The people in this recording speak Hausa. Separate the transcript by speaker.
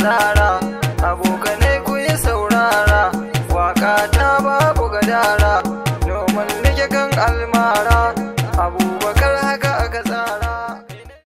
Speaker 1: tsara abokanai ku yi saurara waka ta babu gadara
Speaker 2: noman nike kan almara abu